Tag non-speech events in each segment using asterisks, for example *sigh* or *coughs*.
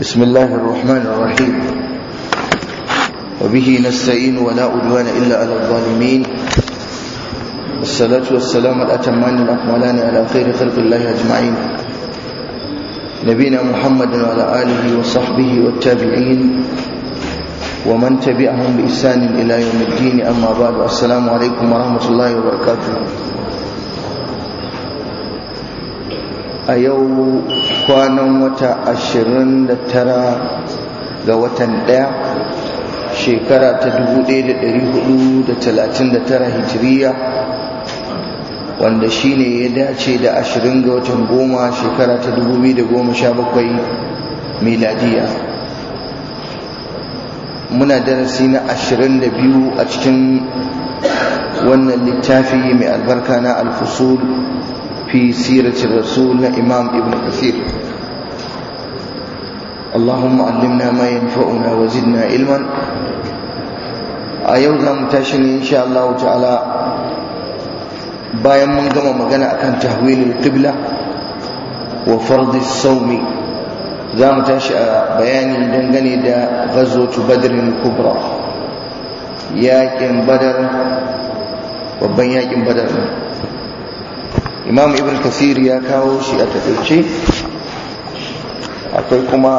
بسم الله الرحمن الرحيم وبه نستعين ولا عدوان إلا على الظالمين الصلاة والسلام الأتمان الأكملان على خير خلق الله أجمعين نبينا محمد وعلى آله وصحبه والتابعين ومن تبعهم بإحسان إلى يوم الدين أما بعد السلام عليكم ورحمة الله وبركاته a yau kwanan wata ashirin da tara ga watan ɗaya shekara ta dubu ɗaya da ɗari hudu da talatin da tara hijiriya wanda shine ya dace da ashirin ga watan goma shekara ta dubu biyu da goma sha bakwai miladiya muna darasi na ashirin da biyu a cikin wannan littafi mai albarka na alfusul fi siratin rasul na imam ibn kasir اللهم علمنا ما ينفعنا وزدنا علما a yau za mu tashi ne insha Allah ta'ala bayan mun gama magana akan tahwilul qibla wa fardis saumi za mu tashi a bayani dangane da ghazwatu badrin kubra yaƙin badar babban yaƙin badar imam ibn kasir ya kawo shi a taƙaice akwai kuma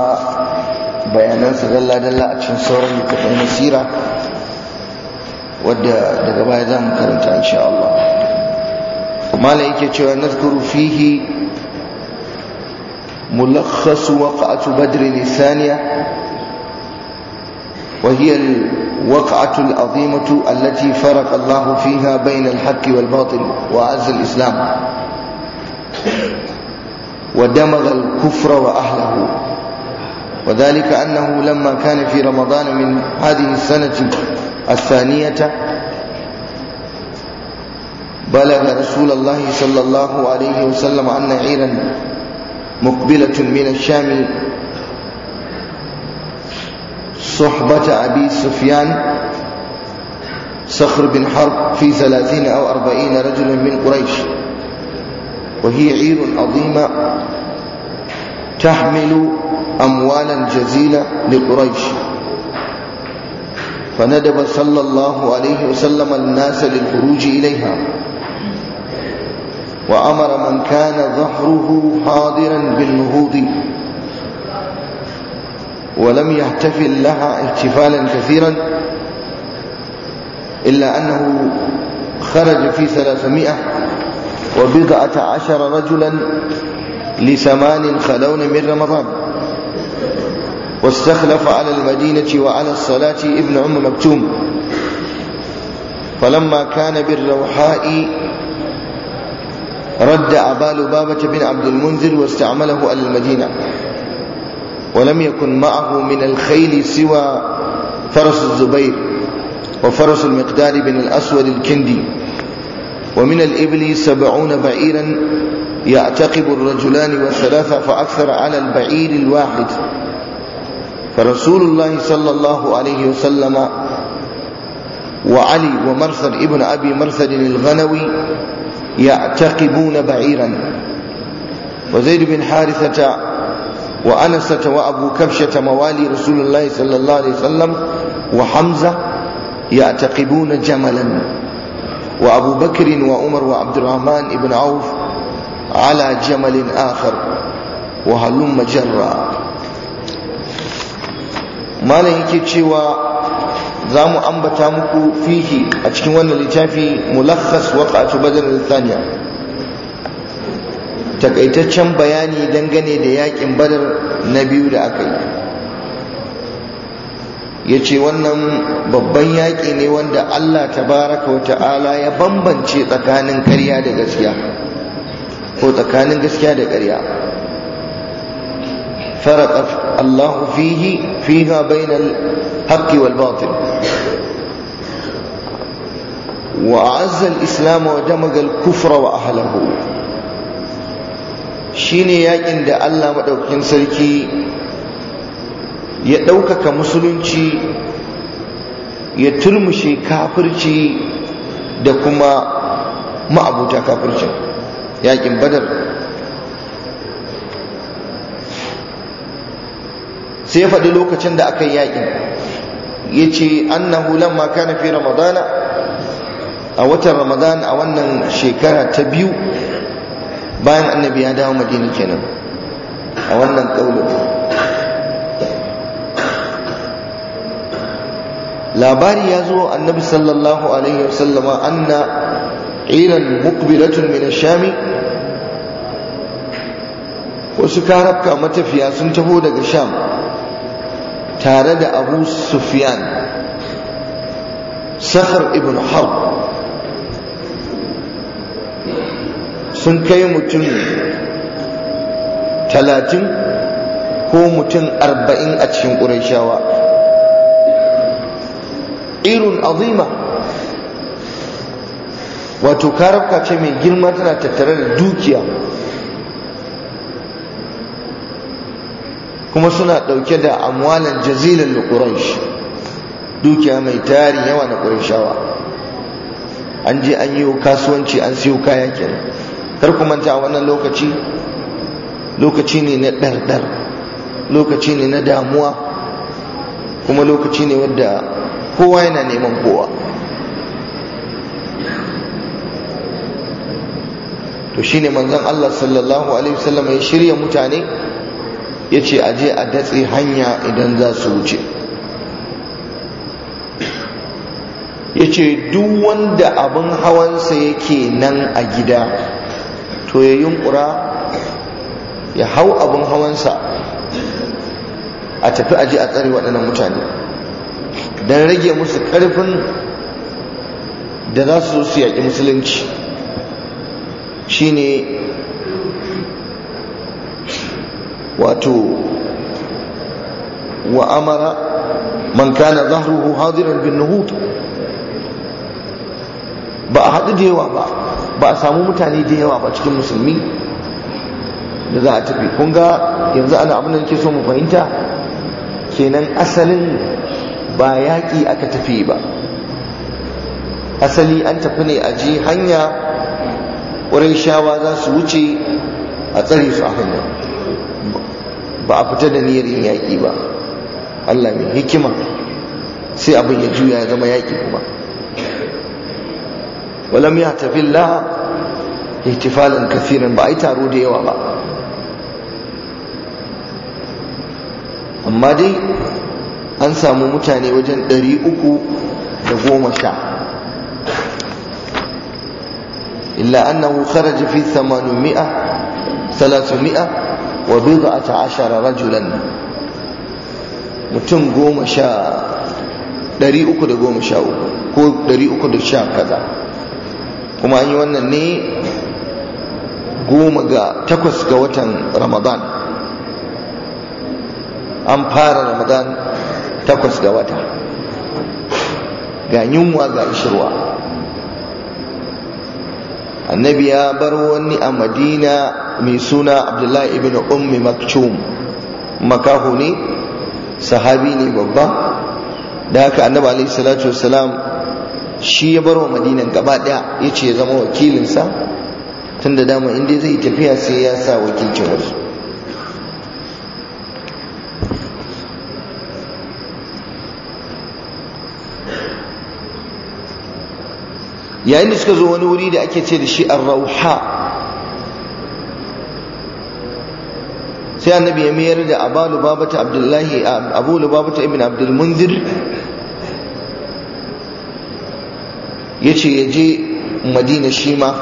bayanan galla-dalla a cikin sauran kaɗai na sira wadda daga baya za mu karanta in sha Allah mala yake cewa nazkuru fihi mulakhasu waqatu badr lisaniya wa hiya alwaqatu alazimatu allati faraqa Allah fiha bayna alhaqqi walbatil wa azza alislam ودمغ الكفر وأهله وذلك أنه لما كان في رمضان من هذه السنة الثانية بلغ رسول الله صلى الله عليه وسلم أن عيرا مقبلة من الشام صحبة أبي سفيان صخر بن حرب في ثلاثين أو أربعين رجلا من قريش وهي عير عظيمة تحمل أموالا جزيلة لقريش فندب صلى الله عليه وسلم الناس للخروج إليها وأمر من كان ظهره حاضرا بالنهوض ولم يحتفل لها احتفالا كثيرا إلا أنه خرج في ثلاثمائة وبضعة عشر رجلا لثمان خلون من رمضان واستخلف على المدينة وعلى الصلاة ابن عم مكتوم فلما كان بالروحاء رد عبال بابة بن عبد المنذر واستعمله على المدينة ولم يكن معه من الخيل سوى فرس الزبير وفرس المقدار بن الأسود الكندي ومن الإبل سبعون بعيرا يعتقب الرجلان والثلاثة فأكثر على البعير الواحد فرسول الله صلى الله عليه وسلم وعلي ومرثد ابن أبي مرثد الغنوي يعتقبون بعيرا وزيد بن حارثة وأنسة وأبو كبشة موالي رسول الله صلى الله عليه وسلم وحمزة يعتقبون جملا wa بكر وعمر وعبد الرحمن بن عوف على جمل آخر وهلم جرا Malam yake cewa za mu ambata muku fihi a cikin wannan littafi mulakhas waqatu badr al-thaniya takaitaccen bayani dangane da yakin badar na biyu da aka yi ya ce wannan babban yaƙi ne wanda Allah tabaraka wa ta'ala ya bambance tsakanin ƙarya da gaskiya ko tsakanin gaskiya da ƙarya faraka Allah fihi fiha al haqqi wal batil wa azza al-islam wa damaga al-kufra wa ahlihi shine yaƙin da Allah madaukakin sarki ya ɗaukaka musulunci ya turmushe kafirci da kuma ma'abuta kafircin yakin badar sai ya faɗi lokacin da aka yi yakin ya ce annahu lamma kana fi ramadana a watan ramadana a wannan shekara ta biyu bayan annabi ya dawo madina kenan a wannan ƙaunar labari ya zo annabi sallallahu alaihi wasallama anna iran mukbilatun min shami wasu karabka matafiya sun taho daga sham tare da abu sufyan sakhar ibn harb sun kai mutum talatin ko mutum arba'in a cikin ƙurashawa irin azima wato karabka ce mai girma tana tattare da dukiya kuma suna ɗauke da amwalan jazilan da dukiya mai tarihi yawa na ƙurayshawa an je an yi kasuwanci an siyo kaya kenan kar ku manta wannan lokaci lokaci ne na ɗarɗar lokaci ne na damuwa kuma lokaci ne wadda kowa yana neman kowa to shi ne manzan Allah sallallahu alaihi wasallam ya shirya mutane ya ce aje a datse hanya idan za su wuce ya ce duk wanda abin hawansa yake nan a gida to ya yunkura ya hau abin hawansa a tafi aje a tsare waɗannan mutane don rage musu karfin da za su su yaƙi musulunci shine wato wa amara man kana zahruhu hadiran bin nuhut ba a haɗu da yawa ba ba a samu mutane da yawa ba cikin musulmi da za a tafi kun yanzu ana abin da nake so mu fahimta kenan asalin ba yaƙi aka tafi ba asali an tafi ne a je hanya wurin shawa za su wuce a tsare su a ba a fita da niyyar yin yaƙi ba allah mai hikima sai abin ya juya ya zama yaƙi kuma walam ya tafi la ihtifalin kafirin ba a yi taro da yawa ba amma dai an samu mutane wajen ɗari uku da goma sha illa annahu kharaja fi thamanumi'a salatumi'a wa bid'ata ashara rajulan mutum goma sha ɗari uku da goma sha uku ko ɗari uku da sha kaza kuma an yi wannan ne goma ga takwas ga watan ramadan an fara ramadan takwas ga wata ga yunwa ga ishirwa annabi ya bar wani a madina mai suna abdullahi ibn ummi maktum makaho ne sahabi ne babba da haka annabi alaihi salatu wassalam shi ya bar wa madina gaba daya ya ce ya zama wakilinsa tun da dama inda zai tafiya sai ya sa wakilcin wasu yayin da suka zo wani wuri da ake ce da shi ar-rauha sai annabi ya mayar da abu lubabata abdullahi abu lubabata ibn abdul munzir yace ya je madina shi ma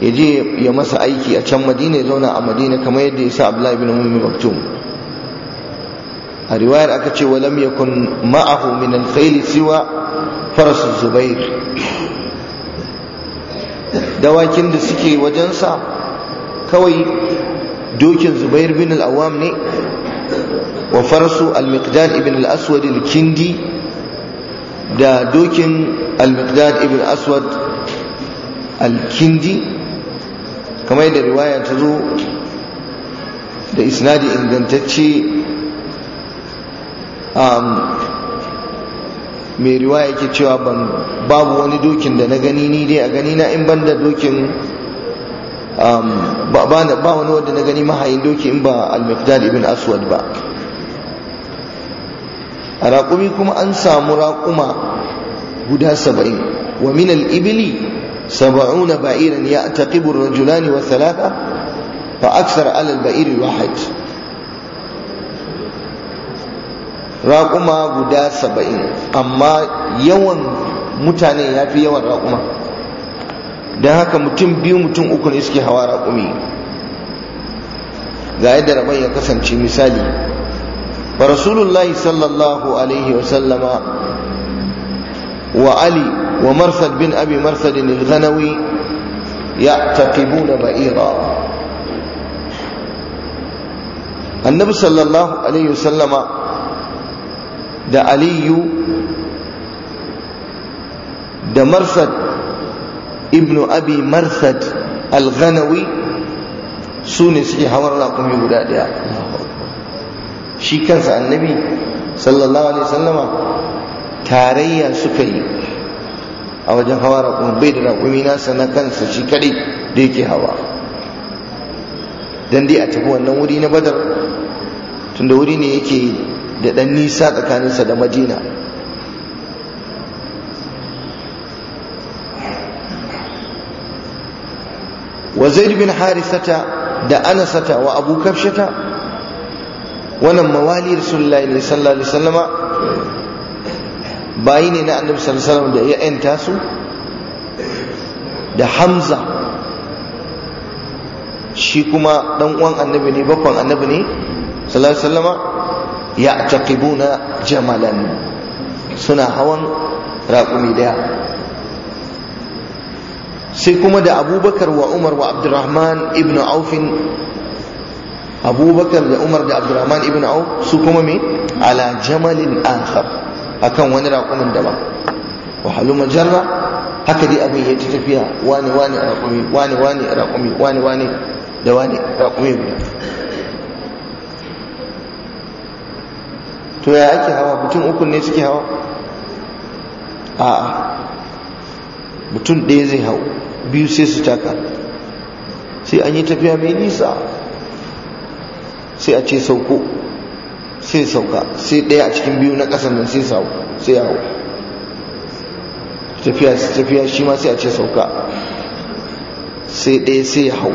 ya je ya masa aiki a can madina ya zauna a madina kamar yadda ya sa abdullahi ibn ummi maktum a riwayar aka ce wa lam yakun ma'ahu min al siwa faras zubair dawakin da suke wajensa kawai dokin zubair bin al-awam ne wa farasu al-miqdad ibn al-aswad al-kindi da dokin al-miqdad ibn aswad al-kindi kamar da riwaya ta zo da isnadi ingantacce Um, mai riwaya yake cewa ban babu wani dokin da na gani ni dai a gani na in ban da dokin um, ba wani wanda na gani mahayin doki in ba al-miqdad ibn aswad ba a raƙumi kuma an samu raƙuma guda saba'in wa min al-ibli saba'una ba'iran ya taqibu ar-rajulani wa thalatha fa aksar alal al-ba'iri wahid raƙuma guda saba'in amma yawan mutane ya fi yawan raƙuma don haka mutum biyu mutum uku ne suke hawa raƙumi ga yadda rabon ya kasance misali ba rasulullahi sallallahu alaihi wasallama wa ali wa marsad bin abi marsadin al-ghanawi ya taqibuna ba'ira annabi sallallahu alaihi wasallama da aliyu da marsad ibnu abi marsad al-ghanawi su ne suke hawan rakumi guda ɗaya shi kansa annabi sallallahu alaihi wasallama tarayya suka yi a wajen hawa raƙumi bai da raƙumi nasa na kansa shi kaɗai da yake hawa don dai a tafi wannan wuri na badar tunda wuri ne yake da ɗan nisa tsakaninsa da madina wa zaid bin harisata da anasata wa abu kafshata wannan mawali rasulullahi ne sallallahu alaihi wasallama bayi ne na annabi sallallahu alaihi wasallam da ya yanta su da hamza shi kuma dan uwan annabi ne bakon annabi ne sallallahu alaihi wasallama ya'taqibuna jamalan suna hawan raƙumi daya sai kuma da abubakar wa umar wa abdurrahman ibn aufin abubakar da umar da abdurrahman ibn auf su kuma me ala jamalin akhar akan wani raƙumin daban wa haluma jarra haka dai abin ya ta tafiya wani wani raƙumi wani wani raƙumi wani wani da wani raƙumi guda to ya ake hawa mutum uku ne suke hawa a'a mutum ɗaya zai hau biyu sai su taka sai an yi tafiya mai nisa sai a ce sauko sai sauka sai ɗaya a cikin biyu na ƙasar nan sai sau sai hau tafiya tafiya shi ma sai a ce sauka sai ɗaya sai hau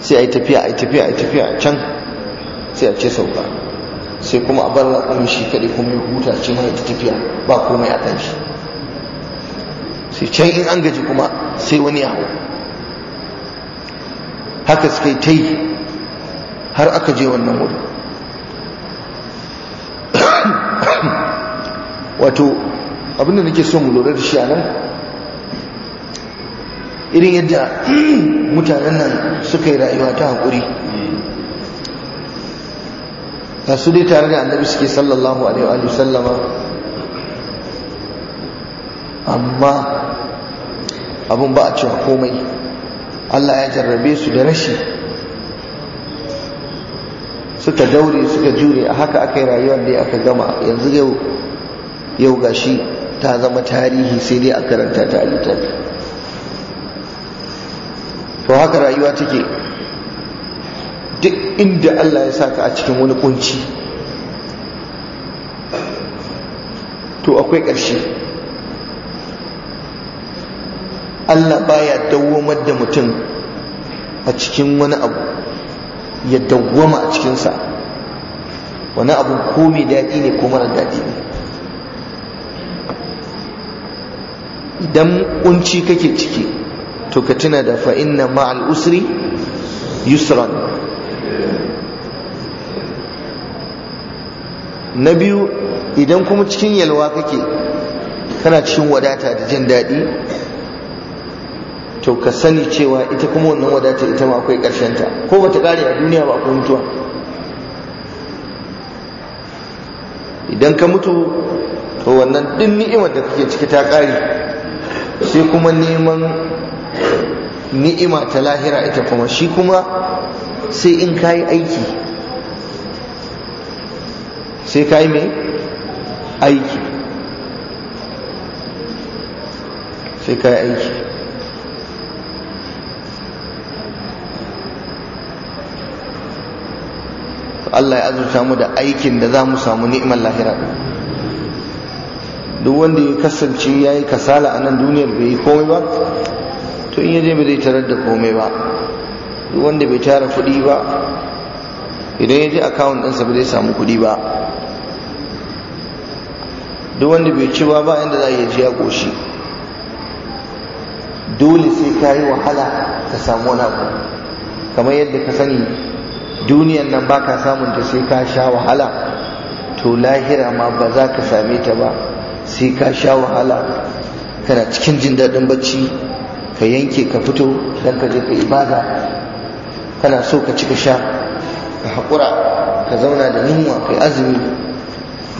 sai a yi tafiya a yi tafiya a yi tafiya can sai a ce sauka sai kuma a bar raƙumin shi kaɗai kuma ya huta ce mai ta tafiya ba komai a kan shi sai can in an gaji kuma sai wani ya hau haka suka yi ta yi har aka je wannan wuri *coughs* wato abinda nake son mu lura da shi a nan irin yadda *coughs* mutanen nan suka yi rayuwa ta haƙuri ga su dai tare da annabi suke sallallahu alaihi wa sallama amma abun ba a cewa komai Allah ya jarrabe su da rashi suka daure suka jure a haka aka rayuwar da aka gama yanzu yau yau gashi ta zama tarihi sai dai a karanta ta a to haka rayuwa take duk inda Allah ya saka a cikin wani kunci to akwai ƙarshe Allah baya dawwamar da mutum a cikin wani abu ya dawwama a cikinsa wani abu ko mai daɗi ne ko mara daɗi ne idan kunci kake ciki to ka tuna da fa'inna ma'al usri yusran na biyu idan kuma cikin yalwa kake kana cikin wadata da jin daɗi to ka sani cewa ita kuma wannan wadata ita ma akwai ta, ko ba ta ƙare a duniya ba akwai mutuwa idan ka mutu to wannan ɗin ni'imar da kake ciki ta ƙare sai kuma neman ni'ima ta lahira ita kuma shi kuma sai in kayi aiki sai ka yi mai aiki sai ka yi aiki Allah ya azurta mu da aikin da za mu samu ni'imar lahira duk wanda ya kasance ya yi kasala a nan duniyar bai yi komai ba to in yaje bai zai tarar da komai ba duk wanda bai tara kuɗi ba idan ya je akawun ɗansa bai zai samu kuɗi ba duk wanda bai ci ba ba inda za ya ji ya ƙoshi dole sai ka yi wahala ka samu wani abu kamar yadda ka sani duniyan nan baka samun ta sai ka sha wahala to lahira ma ba za ka same ta ba sai ka sha wahala kana cikin jin daɗin bacci ka yanke ka fito dan ka je ka ibada kana so ka ci ka sha ka haƙura ka zauna da yunwa kai azumi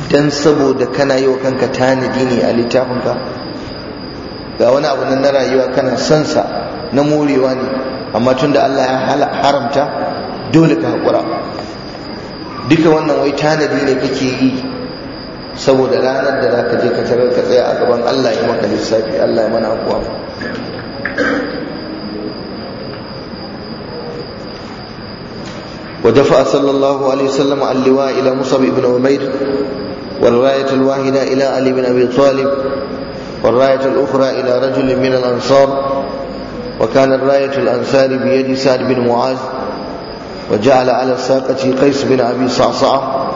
dan saboda kana yi wa kanka tanadi ne a littafin ka ga wani abu nan na rayuwa kana son sa na morewa ne amma tunda Allah ya haramta dole ka hakura duka wannan wai tanadi ne kake yi saboda ranar da zaka je ka tarar ka tsaya a gaban Allah ya maka lissafi Allah ya mana abuwa ودفع صلى الله عليه وسلم اللواء إلى مصعب بن عمير والرواية الواحدة إلى علي بن أبي طالب والراية الأخرى إلى رجل من الأنصار وكان الراية الأنصار بيد سعد بن معاذ وجعل على الساقة قيس بن أبي صعصعة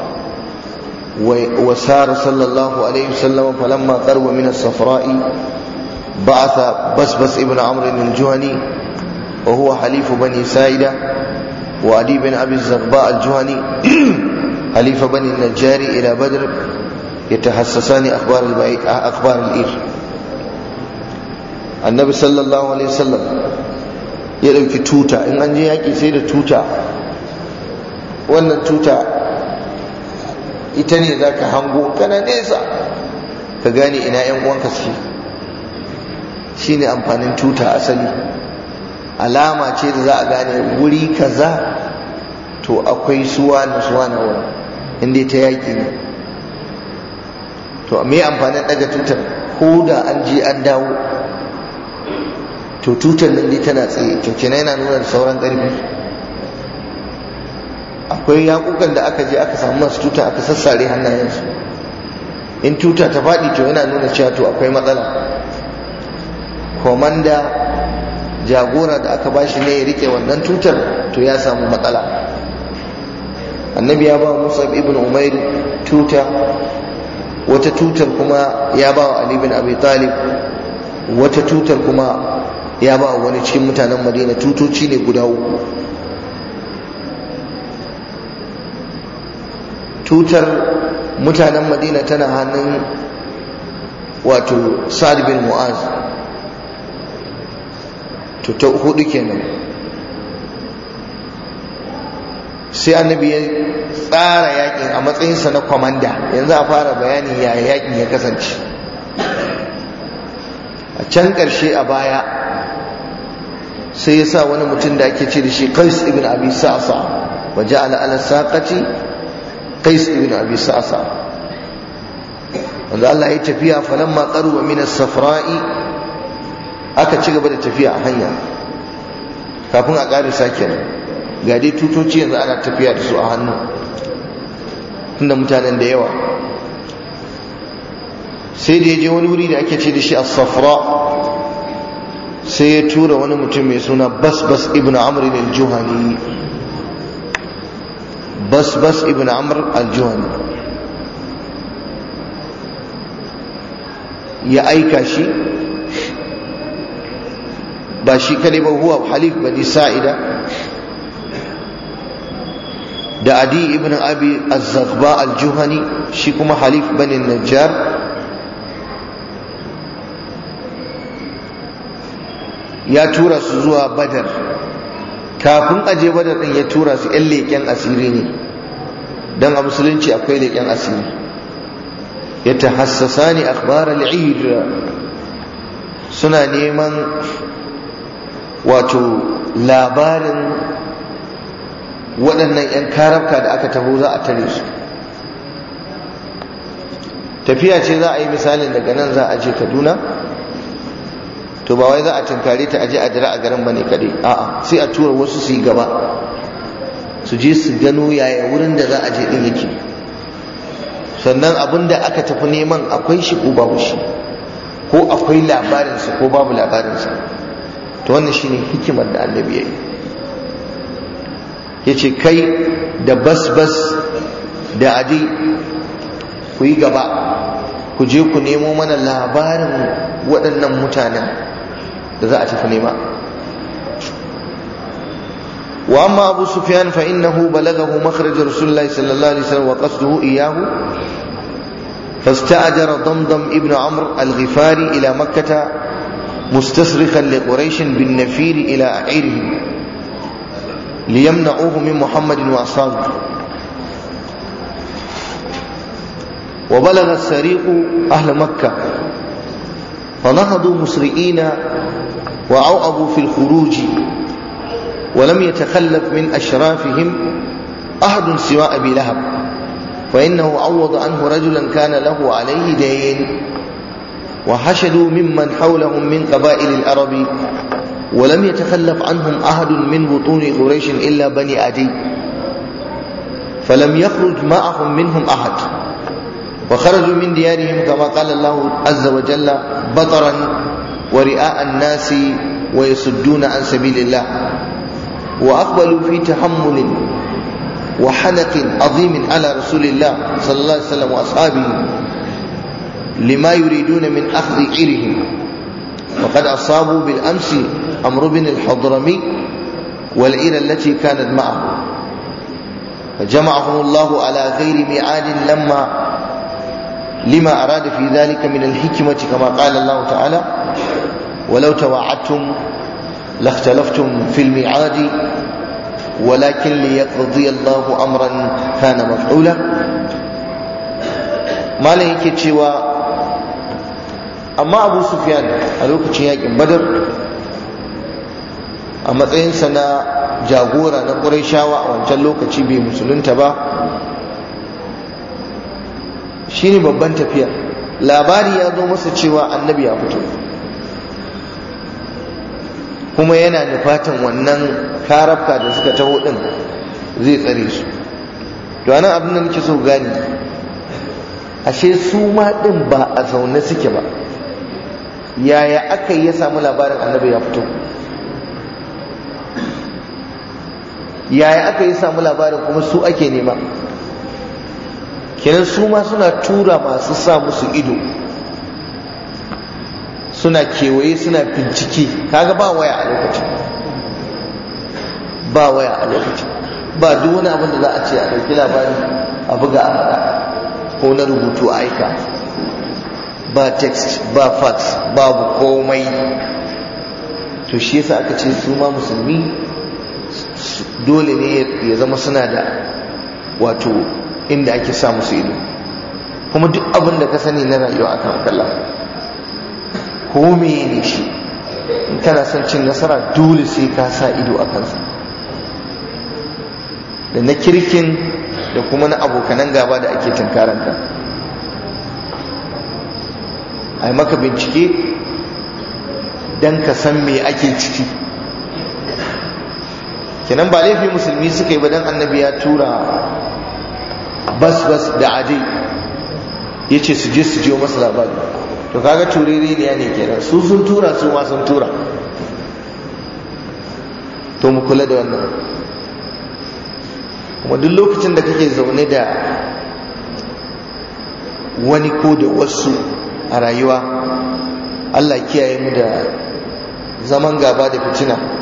وسار صلى الله عليه وسلم فلما قرب من الصفراء بعث بسبس ابن عمرو الجهني وهو حليف بني سائدة وعلي بن أبي الزغباء الجهني *clears throat* خليفة بني النجاري إلى بدر يتحسسان أخبار البعيد أخبار الإير النبي صلى الله عليه وسلم يدعوك توتا إن أنجي هكي سيدة توتا wannan tuta ita ne za ka hango kana nesa ka gane ina 'yan uwanka suke shi ne amfanin tuta asali alama ce da za a gane wuri kaza to akwai suwa na suwa inda ta yaƙi ne to me amfanin daga tutar ko da an je an dawo to tutar nan ne tana tsaye to yana nuna da sauran ƙarfi akwai yaƙukan da aka je aka samu masu tuta aka sassare hannayensu in tuta ta faɗi to yana nuna cewa to akwai matsala komanda jagora da aka bashi ne ya rike wannan tutar to ya samu matsala annabi ya ba wa musa ibn umair tuta wata tutar kuma ya ba wa ali bin abi talib wata tutar kuma ya ba wa wani cikin mutanen madina tutoci ne guda uku tutar mutanen madina tana hannun wato sa'ad bin mu'az to ta hudu kenan sai annabi ya tsara yakin a matsayinsa na kwamanda yanzu a fara bayani ya yakin ya kasance a can ƙarshe a baya sai ya sa wani mutum da ake ce da shi kais ibn abi sa'sa wa ja'ala ala saqati kais ibn abi sa'sa wanda Allah ya tafiya falamma qaruba min as-safra'i aka ci gaba da tafiya a hanya kafin a ƙarisa kenan ga dai tutoci yanzu ana tafiya da su a hannu tunda mutanen da yawa sai da ya je wani wuri da ake ce da shi a safra sai ya tura wani mutum mai suna basbas ibn amr al-juhani basbas ibn amr al-juhani ya aika shi ba shi kalibar huwa halif bani sa'ida da adi ibn abi az-zaghba al-juhani shi kuma halif bani najjar ya tura su zuwa badar kafin aje badar din ya tura su yan leƙen asiri ne dan a musulunci akwai leƙen asiri ya tahassasa ne akhbar suna neman wato labarin waɗannan 'yan karabka da aka taho za a tare su tafiya ce za a yi misalin daga nan za a je kaduna to ba wai za a tunkare ta aje a jira a garin bane kadai a'a sai a tura wasu su yi gaba su je su gano yaya wurin da za a je din yake sannan abin da aka tafi neman akwai shi ko babu shi ko akwai labarinsa ko babu labarinsa to wannan shine hikimar da annabi ya yi yace kai da basbas da adi ku yi gaba ku je ku nemo mana labarin waɗannan mutanen da za a tafi nema wa amma abu sufyan fa innahu balagahu makhraj rasulullahi sallallahu alaihi wasallam wa qasduhu iyyahu فاستأجر ضمضم ابن عمرو الغفاري إلى مكة مستصرخا لقريش بالنفير إلى أعيرهم ليمنعوه من محمد وأصحابه وبلغ السريق أهل مكة فنهضوا مسرئين وعوأبوا في الخروج ولم يتخلف من أشرافهم أحد سوى أبي لهب فإنه عوض عنه رجلا كان له عليه دين وحشدوا ممن حولهم من قبائل العرب ولم يتخلف عنهم أحد من بطون قريش إلا بني عدي فلم يخرج معهم منهم أحد وخرجوا من ديارهم كما قال الله عز وجل بطرا ورئاء الناس ويصدون عن سبيل الله وأقبلوا في تحمل وحنق عظيم على رسول الله صلى الله عليه وسلم وأصحابه لما يريدون من أخذ عيرهم وقد أصابوا بالأمس عمرو بن الحضرمي والعير التي كانت معه فجمعهم الله على غير ميعاد لما لما أراد في ذلك من الحكمة كما قال الله تعالى ولو توعدتم لاختلفتم في الميعاد ولكن ليقضي الله أمرا كان مفعولا ما لهيك تشوى أما أبو سفيان ألوك تشياك بدر a matsayinsa na jagora na shawa a wancan lokaci bai musulunta ba Shi ne babban tafiya labari ya zo masa cewa annabi ya fito kuma yana da fatan wannan karafka da suka taho din zai tsare su to anan abin da nake so gani ashe su ma din ba a zaune suke ba yaya aka yi ya samu labarin annabi ya fito yaya aka yi samu labarin kuma su ake nema kenan su ma suna tura masu sa musu ido suna kewaye suna bincike kaga ba waya a lokacin ba waya a lokacin ba duk wani abin da za a ce a ɗauki labari a buga a faɗa ko na rubutu a aika ba text ba fax babu komai to shi yasa aka ce su ma musulmi dole ne ya zama suna da wato inda ake sa musu ido kuma duk abin da ka sani na rayuwa a kan kalla ko ne shi in kana son cin nasara dole sai ka sa ido a kansa da na kirkin da kuma na abokanan gaba da ake tunkaranta a maka bincike don ka san me ake ciki kenan ba laifi musulmi suka yi ba dan annabi ya tura bas bas da aji. ya ce su je su jiyo masa labari to kaga turiri ne ya ne kenan su sun tura su ma sun tura to mu kula da wannan kuma duk lokacin da kake zaune da wani ko da wasu a rayuwa Allah kiyaye mu da zaman gaba da fitina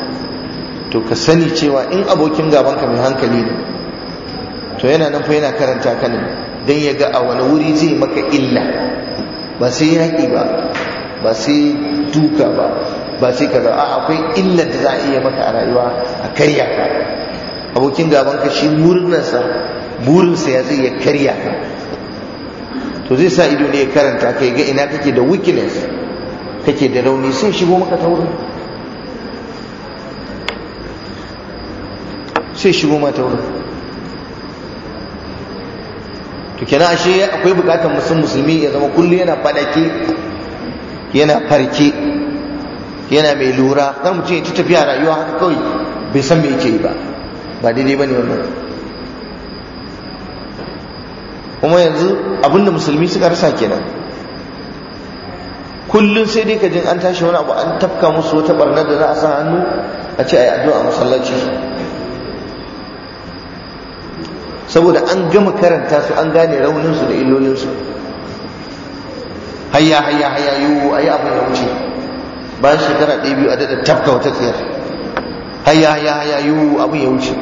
to ka sani cewa in abokin gabanka mai hankali ne to yana nan fa yana karanta ka ne don ya ga a wani wuri zai maka illa ba sai yaƙi ba ba sai duka ba ba sai ka a akwai illar da za a iya maka a rayuwa a karya ka abokin gabanka shi murnarsa burinsa ya zai ya karya ka to zai sa ido ne ya karanta ka ga ina kake da weakness kake da rauni sai shigo maka ta sai shigo ma ta wurin to kenan ashe akwai bukatar musu musulmi ya zama kullum yana fadake yana farke yana mai lura kar mutum ya ci tafiya rayuwa haka kawai bai san me yake yi ba ba daidai bane wannan kuma yanzu abinda musulmi suka rasa kenan kullum sai dai ka jin an tashi wani abu an tafka musu wata barna da za a sa hannu a ce a yi addu'a masallaci saboda an gama karanta su an gane rauninsu da illolinsu hayya hayya hayya yiwu ayi abin ya wuce bayan shekara ɗaya biyu a daɗa tafka wata tsayar hayya hayya hayya yiwu abin ya wuce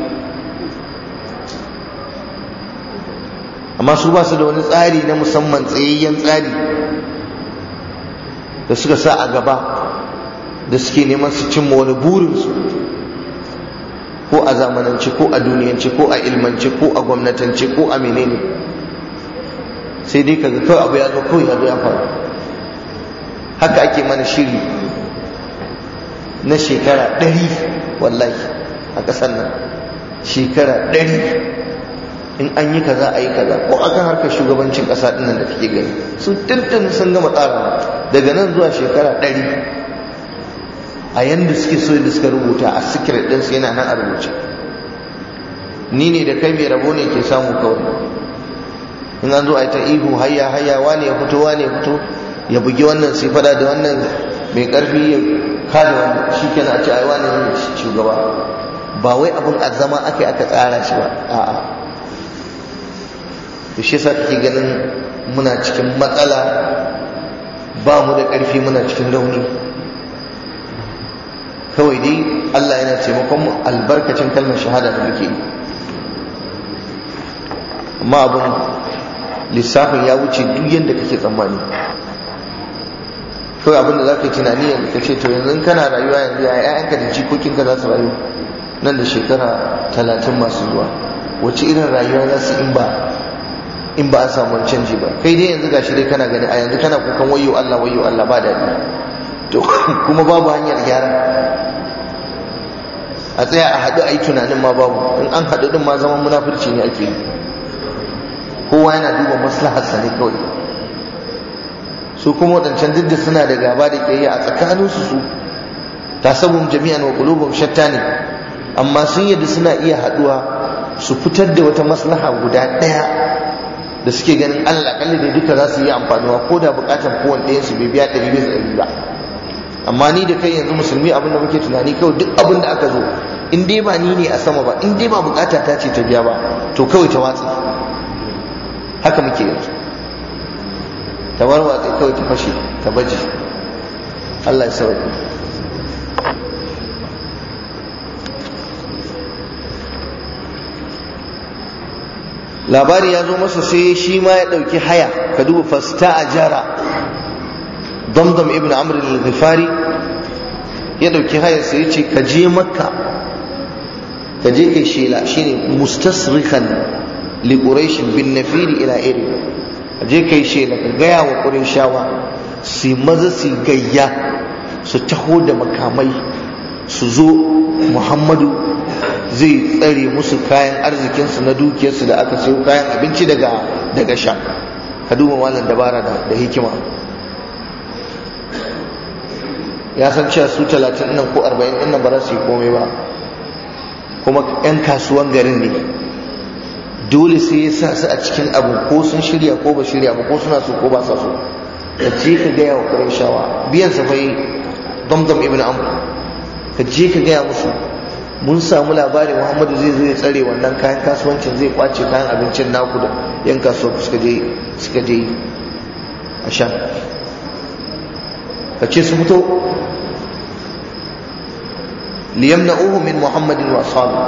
amma su ba su da wani tsari na musamman tsayayyen tsari da suka sa a gaba da suke neman su cimma wani burinsu ko a zamanance ko a duniyance ko a ilmance ko a gwamnatance ko a menene sai dai kaga kawai abu ya zo kawai ya ya faru haka ake mana shiri na shekara ɗari wallahi a ƙasar nan shekara ɗari in an yi kaza a yi kaza ko akan harkar shugabancin ƙasa ɗinnan da kake gani su tuntun sun gama tsara daga nan zuwa shekara ɗari a yadda suke so da suka rubuta a secret ɗin su yana nan a rubuce ni ne da kai mai rabo ne ke samu kawai in an zo a yi ta ihu hayya hayya wane ya fito wane ya fito ya bugi wannan sai fada da wannan mai karfi ya kada wannan shikenan a ce wane ne shugaba ba wai abin azama aka aka tsara shi ba a'a da shi yasa kake ganin muna cikin matsala ba mu da karfi muna cikin rauni kawai dai Allah yana taimakon mu albarkacin kalmar shahada da muke amma abun lissafin ya wuce duk yadda kake tsammani kawai abin da za ka yi tunani yadda ka ce to yanzu kana rayuwa yanzu ya ƴaƴanka da ka za su rayu nan da shekara talatin masu zuwa wace irin rayuwa za su in ba in ba a samu wani canji ba kai dai yanzu gashi dai kana gani a yanzu kana kukan wayo Allah wayo Allah ba daɗi to *laughs* kuma babu hanyar gyara a tsaya a haɗu a yi tunanin ma babu in an haɗu ɗin ma zaman munafurci ne ake kowa yana duba maslaharsa ne kawai su kuma waɗancan duk da suna da gaba da ƙiyayya a tsakaninsu su Ta sabon jami'an wa shatta ne amma sun yadda suna iya haɗuwa su fitar da wata maslaha guda ɗaya da suke ganin allah kalli da duka za su yi amfanuwa ko da bukatan kowanne su bai biya ɗari bai ɗari ba amma ni da kai yanzu musulmi abin da muke tunani kawai duk abin da aka zo in dai ba ni ne a sama ba in dai ba bukata ta ce ta biya ba to kawai ta watsa haka muke yanzu ta bar watsa kawai ta fashe ta baje Allah ya sauke labari ya zo masa sai shi ma ya ɗauki haya ka duba fasta a jara damdam ibn amr al-ghifari ya dauki hayar sai yace ka je makka ka je kai shela shine mustasrikhan li quraish bin nafiri ila iri ka je kai shela ka gaya wa shawa, su maza si gayya su taho da makamai su zo muhammadu zai tsare musu kayan arzikinsu na dukiyarsu da aka sayo kayan abinci daga daga sha ka duba malam dabara da hikima ya san cewa su talatin nan ko arba'in nan ba za su yi komai ba kuma 'yan kasuwan garin ne dole sai ya sa su a cikin abu ko sun shirya ko ba shirya ba ko suna su ko ba sa so ka je ka gaya wa shawa biyan sa fai damdam ibn amu ka je ka gaya musu mun samu labarin muhammadu zai zo ya tsare wannan kayan kasuwancin zai kwace kayan abincin naku da yan kasuwa suka je suka je a sha ka ce su fito liyamna'uhu min muhammadin wa ashabi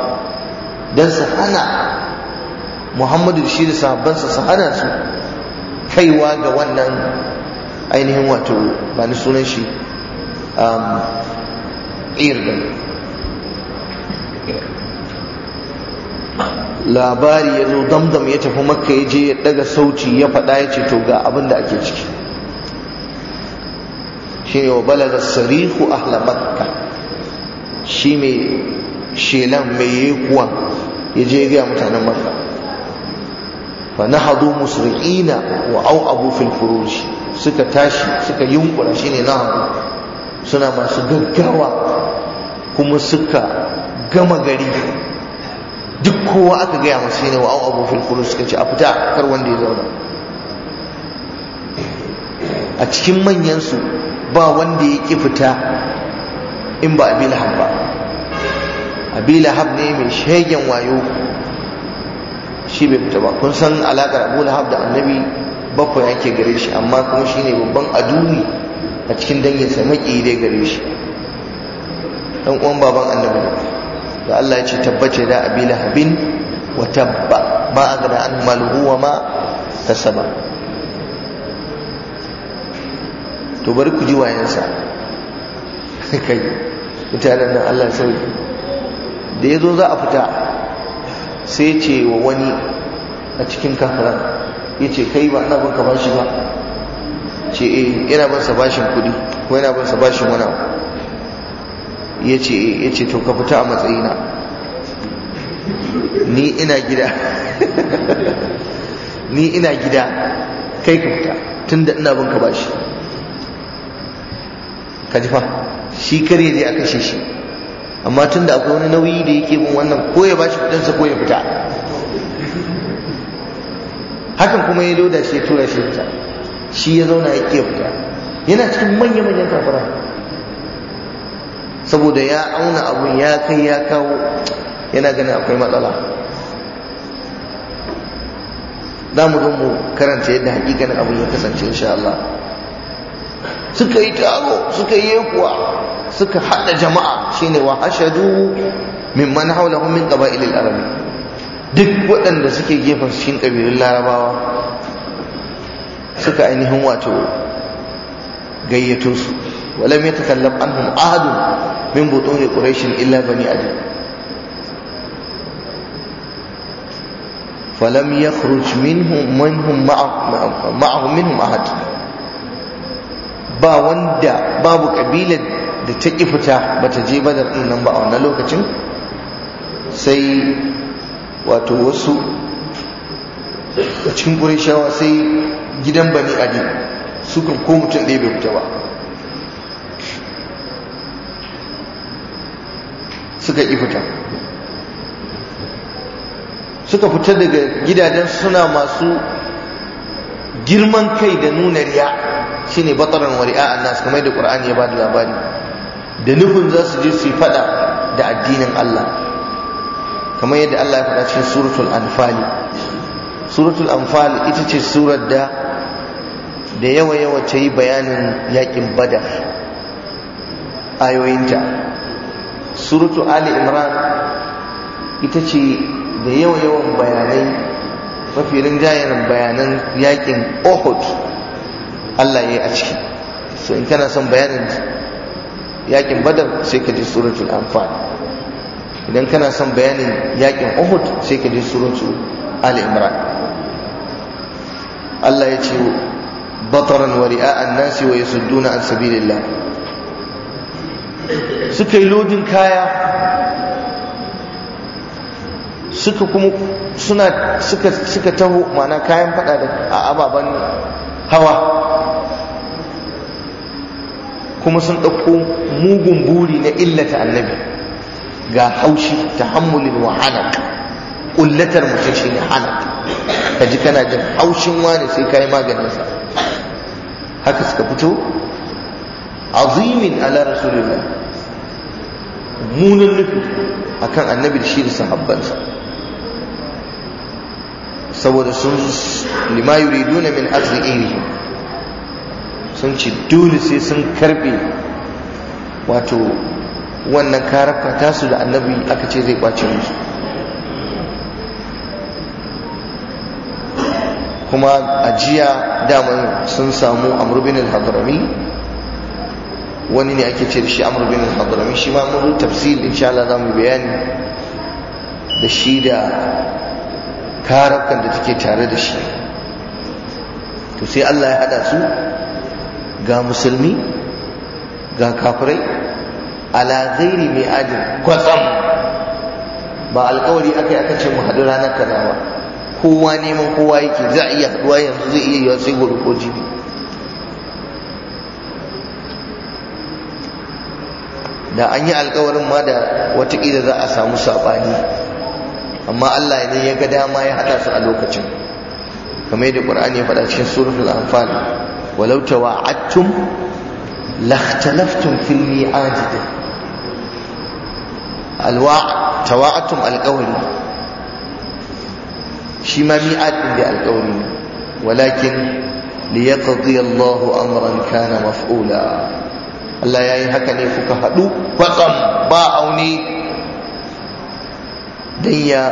dan su hana muhammadu shi da sahabbansa su hana su kaiwa ga wannan ainihin wato ba ni sunan shi um, irgan labari ya zo damdam ya tafi makka ya je ya daga sauci ya faɗa ya ce to ga abin da ake ciki shi ne wa balaga sarihu ahla makka shi mai shelan mai yi kuwa ya je gaya mutanen makka fa hadu musri'ina wa au abu fil furuj suka tashi suka yunkura shine nahadu suna masu gaggawa kuma suka gama gari duk kowa aka gaya masu ne wa au abu fil furuj suka ce a fita kar wanda ya zauna a cikin manyansu ba wanda ya ƙi fita in ba abin hamba ba abi lahab ne mai shegen wayo shi bai fita ba kun san alakar abu lahab da annabi bakwa yake gare shi amma kuma shi ne babban aduni a cikin danginsa maki dai gare shi ɗan uwan baban annabi da Allah ya ce tabbace da abi lahabin wa tabba ma gada an malhuwa wa ma saba to bari ku ji wayansa *laughs* kai mutanen nan Allah ya da ya zo za a fita sai ce wa wani a cikin kafiran ya ce kai ba na bin bashi ba ce eh ina bin sa bashin kuɗi ko ina bin sa bashin wani abu ya ce eh ya ce to ka fita a matsayina ni ina gida *laughs* ni ina gida kai ka fita tunda ina bin bashi ka ji fa shi kare zai a kashe shi amma tun da akwai wani nauyi da yake bin wannan ko ya bashi kudinsa ko ya fita hakan kuma ya loda shi ya tura shi fita shi ya zauna ya ke fita yana cikin manya manyan kafara saboda ya auna abun ya kai ya kawo yana ganin akwai matsala za mu mu karanta yadda hakikanin abun ya kasance insha Allah suka yi taro suka yi kuwa suka hada jama'a shine wa hashadu mimman haulahum min qaba'il al-arab duk waɗanda suke gefen cikin kabilun larabawa suka ainihin wato gayyato su walam yatakallam anhum ahad min butuni quraish illa bani adi falam yakhruj minhum minhum ma'ahum minhum ahad ba wanda babu kabilar da ta ƙi fita ba ta je badar ɗin nan ba a wannan lokacin sai wato wasu a cikin shawa sai gidan bani adi sukan ko mutum ɗaya bai fita ba suka ƙi fita suka fita daga gidajen suna masu girman kai da nuna riya shine bataran wari'a annas kamar da qur'ani ya bada labari da nufin za su je su yi fada da addinin Allah kamar yadda Allah ya faɗa cikin suratul anfal suratul anfal ita ce surar da da yawa yawa ta yi bayanin yakin badar ayoyinta suratul ali imran ita ce da yawa yawan bayanai mafi rinjayen bayanan yakin ohud Allah ya yi a ciki so in kana son bayanin yakin badar sai ka ji suratul anfal idan kana son bayanin yakin uhud sai ka ji suratul al imran Allah ya ce bataran wa ri'a'an nasi wa yasudduna an sabilillah suka yi lodin kaya suka kuma suna suka suka taho ma'ana kayan fada da ababen hawa kuma sun ɗauko mugun buri na illata annabi ga haushi hamulin wa hana ƙullatar mutum shi ne hana ka ji kana jin haushin wani sai ka yi maganinsa haka suka fito azimin ala rasulillah munin nufi akan annabi da shi da sahabbansa saboda sun lima yuriduna min arziki sun ce dole sai sun karbe wato wannan karafka tasu da annabi aka ce zai kwace musu kuma a jiya daman sun samu amurbin al-hadrami wani ne ake ce da shi amurbin al-hadrami shi ma mun tafsil insha Allah za mu bayani da shi da karafkan da take tare da shi to sai Allah ya hada su ga musulmi ga kafirai ala ghairi mai ajin kwatsam ba alkawari aka yi aka ce mu haɗu ranar kaza ba kowa neman kowa yake za a iya haɗuwa yanzu zai iya yiwa sai ko jibi da an yi alkawarin ma da watakila za a samu saɓani amma Allah ne ya ga dama ya haɗa su a lokacin kamar yadda Qur'ani ya faɗa cikin suratul amfani. walau tawa'attum lakhtalaftum fil mi'ad alwa tawa'attum alqawli shi ma mi'ad din da alqawli walakin liyaqdi Allahu amran kana maf'ula Allah yayi haka ne kuka haɗu kwatsam ba auni dan ya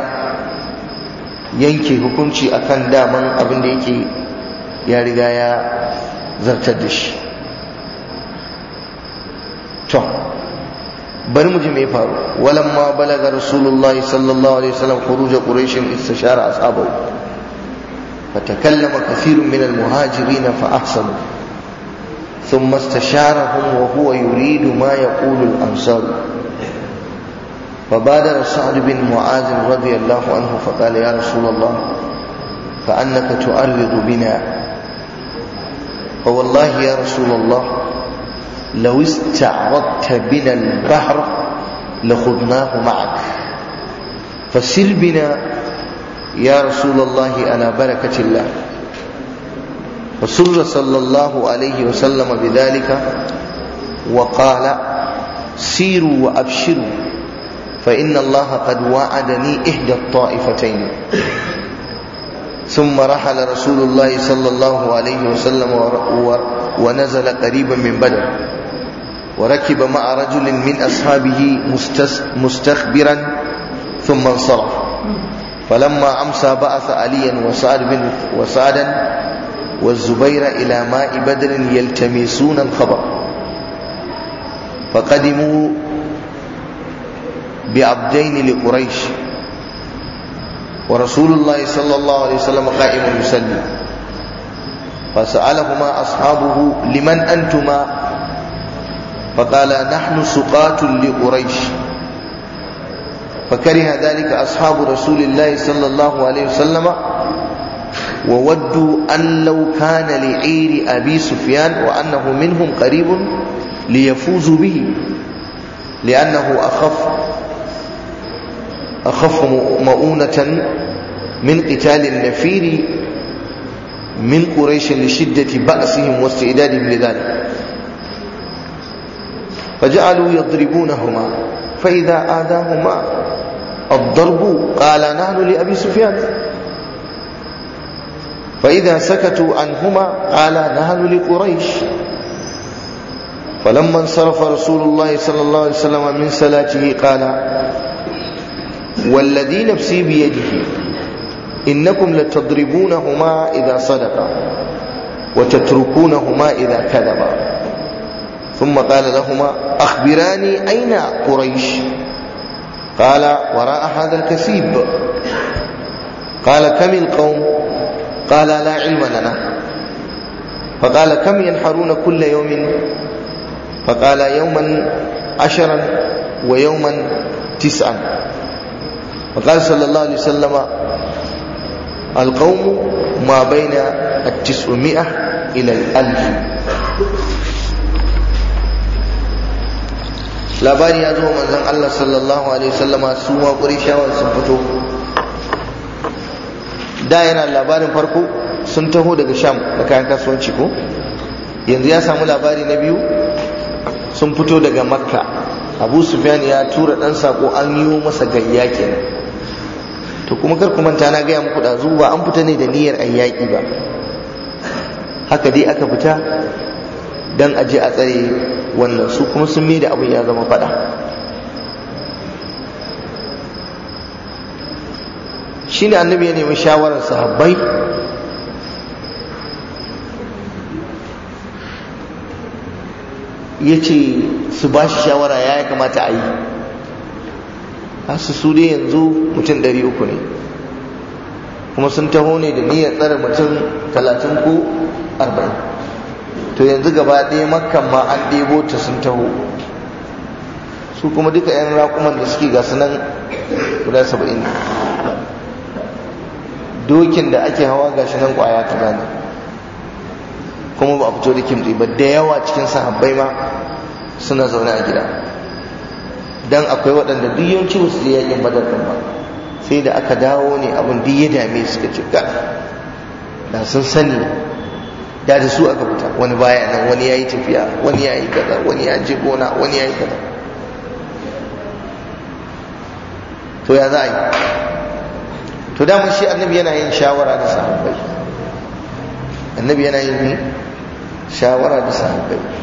yanke hukunci akan daman abin da yake ya riga ya zartar da shi to bari mu ji me faru walan ma balaga rasulullah sallallahu alaihi wasallam khuruj quraish kallama ashabu fatakallama kathirun min almuhajirin fa ahsanu thumma istasharahum wa huwa yuridu ma yaqulu al-ansar فبادر سعد بن معاذ رضي الله عنه فقال يا رسول الله فأنك تؤرض بنا فوالله يا رسول الله لو استعرضت بنا البحر لخضناه معك فسر بنا يا رسول الله على بركة الله وسر صلى الله عليه وسلم بذلك وقال سيروا وأبشروا فإن الله قد وعدني إحدى الطائفتين ثم رحل رسول الله صلى الله عليه وسلم ونزل قريبا من بدر وركب مع رجل من أصحابه مستخبرا ثم انصرف فلما أمسى بعث عليا وسعد بن وسعدا والزبير إلى ماء بدر يلتمسون الخبر فقدموا بعبدين لقريش ورسول الله صلى الله عليه وسلم قائم يصلي فسألهما أصحابه لمن أنتما فقال نحن سقاة لقريش فكره ذلك أصحاب رسول الله صلى الله عليه وسلم وودوا أن لو كان لعير أبي سفيان وأنه منهم قريب ليفوزوا به لأنه أخف أخف مؤونة من قتال النفير من قريش لشدة بأسهم واستعدادهم لذلك فجعلوا يضربونهما فإذا آذاهما الضرب قال نحن لأبي سفيان فإذا سكتوا عنهما قال نحن لقريش فلما انصرف رسول الله صلى الله عليه وسلم من صلاته قال والذي نفسي بيده إنكم لتضربونهما إذا صدقا وتتركونهما إذا كذبا ثم قال لهما أخبراني أين قريش قال وراء هذا الكسيب قال كم القوم قال لا علم لنا فقال كم ينحرون كل يوم فقال يوما عشرا ويوما تسعا وقال صلى الله عليه وسلم القوم ما بين التسعمائة إلى الألف labari ya أدوه manzon Allah sallallahu alaihi الله su وسلم Qurayshawa sun fito da yana labarin farko sun taho daga Sham da kayan kasuwanci ko yanzu ya samu labari na biyu sun fito daga Makka Abu Sufyan ya tura dan sako an yi masa gayya kenan to kuma kar ku manta na gaya muku ɗazu ba an fita ne da niyyar ayyaki ba haka dai aka fita dan aje a tsare wannan su kuma sun mai da abin ya zama faɗa shine annabi ya nemi shawarar sahabbai ya ce su ba shi shawara ya ya kamata a yi asu su dai yanzu mutum ɗari uku ne kuma sun taho ne da niyyar tsara mutum talatin ko arba'in to yanzu gaba ɗaya makan ma an ɗebo ta sun taho su kuma duka 'yan raƙuman da suke gasu nan guda saba'in dokin da ake hawa gashi nan ƙwaya ta gane kuma ba a fito da kimɗi ba da yawa cikin sahabbai ma suna zaune a gida dan akwai waɗanda duk yawanci wasu je yakin badar din ba sai da aka dawo ne abin duk ya dame suka ce ga da sun sani da da su aka fita wani baya nan wani yayi tafiya wani yayi kaza wani ya je gona wani yayi kaza to ya za a yi to da shi annabi yana yin shawara da sahabbai annabi yana yin shawara da sahabbai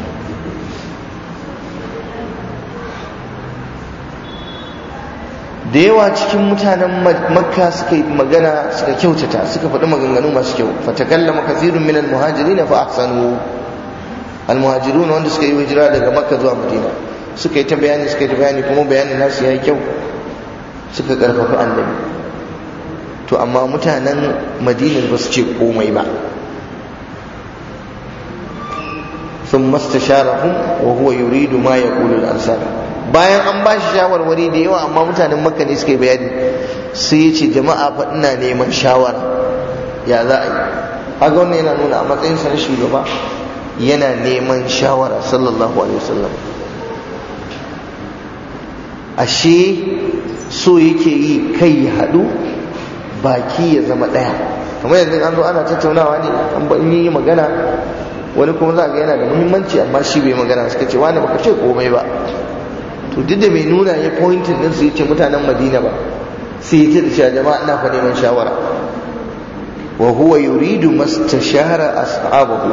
da yawa cikin mutanen makka suka yi magana suka kyautata suka faɗi maganganu masu kyau fatakallama kathirun min na fa almuhajiru na wanda suka yi hijira daga makka zuwa madina suka yi ta bayani suka yi ta bayani kuma bayanin nasu yi kyau suka karfafi annabi to amma mutanen madina ba su ce komai ba Sun ثم استشارهم وهو يريد ما al الأنصار bayan an ba shi shawarwari da yawa amma mutanen makka ne suka bayani sai ya ce jama'a fa ina neman shawara ya za a yi haka wannan yana nuna a matsayin sa shugaba yana neman shawara sallallahu alaihi wasallam ashe so yake yi kai ya haɗu baki ya zama ɗaya kamar yanzu an zo ana tattaunawa ne an yi magana wani kuma za ga yana da muhimmanci amma shi bai magana suka ce wani baka ce komai ba to duk da mai nuna ya pointin din su yace mutanen madina ba sai yace da a jama'a ina fa neman shawara wa huwa yuridu mastashara ashabahu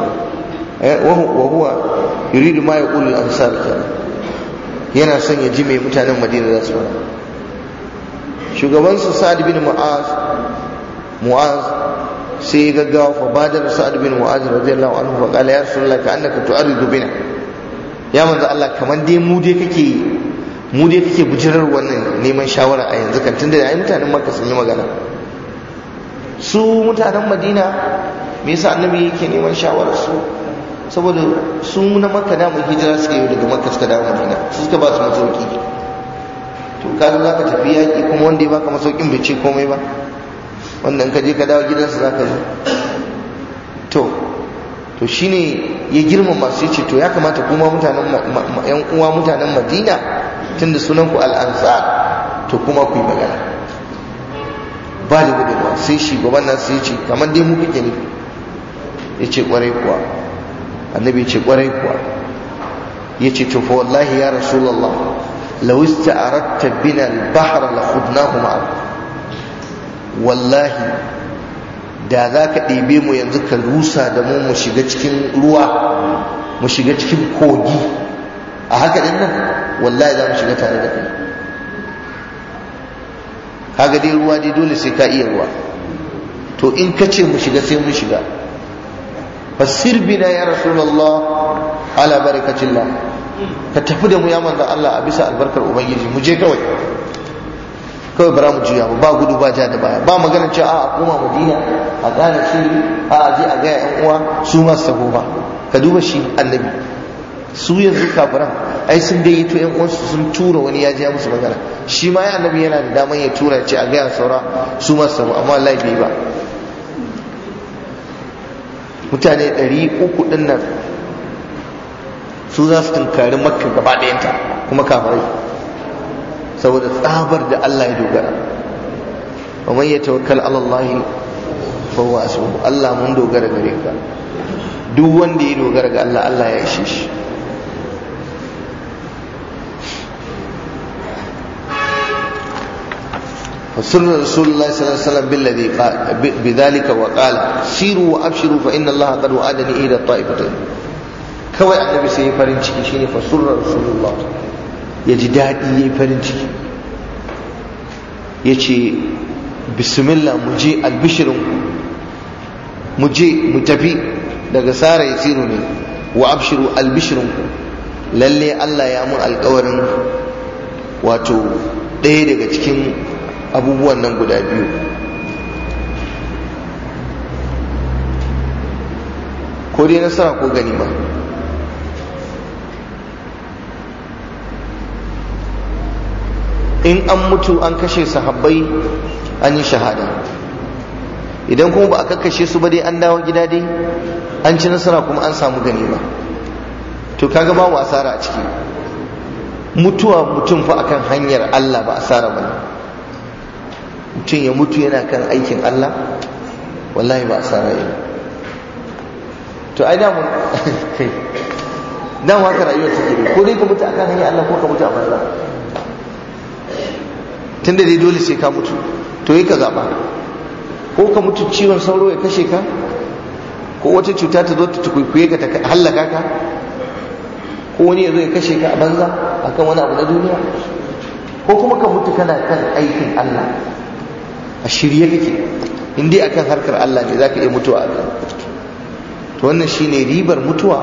eh, wa huwa yuridu ma yaqulu al-ansar yana son ya ji mai mutanen madina za su fara shugaban su sa'ad bin mu'az mu'az sai ya gaggawa fa badar sa'ad bin mu'az radiyallahu anhu fa qala ya rasulullah ka annaka tu'ridu bina ya manzo Allah kamar dai mu dai kake mu dai kake bujirar wannan neman shawara a yanzu kan tunda yi mutanen makka sun yi magana su mutanen madina me yasa annabi yake neman shawara su saboda su na makka da mu hijira suka yi daga makka suka dawo madina su suka ba su masauki to za ka tafi yaƙi kuma wanda ya baka masaukin bai ce komai ba wannan ka je ka dawo gidansa ka zo to to shine ya girmama su ce to ya kamata kuma mutanen yan uwa mutanen madina tunda sunan ku al to kuma ku yi magana ba da gudunwa sai gaban nan sai ce kamar dai muka kuke ya ce kwarai kuwa annabi ya ce kwarai kuwa ya ce to fa wallahi ya rasulullah law ista'aradta bina al-bahr la khudnahu ma'a wallahi da za ka ɗebe mu yanzu ka rusa da mu mu shiga cikin ruwa mu shiga cikin kogi a haka din nan wallahi za mu shiga tare da kai kaga dai ruwa dai dole sai ka iya ruwa to in ka ce mu shiga sai mu shiga fasir bina ya rasulullah ala barakatillah ka tafi da mu ya manzo Allah a bisa albarkar ubangiji mu je kawai kawai bara mu juya ba gudu ba ja da baya ba magana cewa a koma madina a gane shi, a aje a ga yan uwa su ma su ba ka duba shi annabi su yanzu kafiran ai sun gayyato yan uwansu sun tura wani ya ja musu magana shi ma ya annabi yana da daman ya tura ce a gaya saura su ma samu amma Allah bai ba mutane ɗari uku ɗin nan su za su tunkari makka gaba ɗayanta kuma kafirai saboda tsabar da Allah ya dogara wa man yatawakkal ala Allah fa huwa Allah mun dogara gare ka duk wanda ya dogara ga Allah Allah ya ishe shi فسر رسول الله صلى الله عليه وسلم بالذي قال بذلك وقال سيروا وابشروا فان الله قد وعدني الى kawai annabi sai ya farin ciki shine fasurra rasulullah ya daɗi ya yi farin ciki ya ce bismillah mu je albishirin mu je mu tafi daga sara ya tsiro ne wa abshiru lalle allah ya mun alkawarin wato ɗaya daga cikin abubuwan nan guda biyu ko dai nasara ko gani ba, in an mutu an kashe sahabbai an yi shahada idan kuma ba a kakashe su ba dai an dawo gida dai an ci nasara kuma an samu gani ba, to kaga ba wasara a ciki mutuwa mutum fa akan hanyar Allah ba asara ba mutum ya mutu yana kan aikin Allah wallahi ba asara yi to ai damu *laughs* mun kai dan haka rayuwar take ko dai ka mutu a kan hanyar Allah ko ka mutu a banza tunda dai dole sai ka mutu to yi ka zaba ko ka mutu ciwon sauro ya kashe ka ko wata cuta ta zo ta tukuikuye ka ta hallaka ka ko wani ya zo ya kashe ka a banza akan wani abu na duniya ko kuma ka mutu kana kan aikin Allah a shirye kake in dai akan harkar Allah ne zaka iya mutuwa a kan to wannan shi ne ribar mutuwa